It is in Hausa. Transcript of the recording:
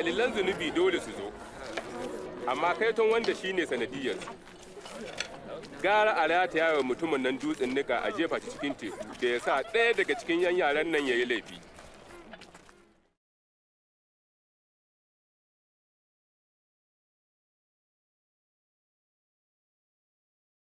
dalilan zunubi dole su zo amma kaiton wanda shine sanadiyar gara alata rataya wa mutumin nan dutsen nika a jefa cikin teku da ya sa ɗaya daga cikin yan yaran nan ya yi laifi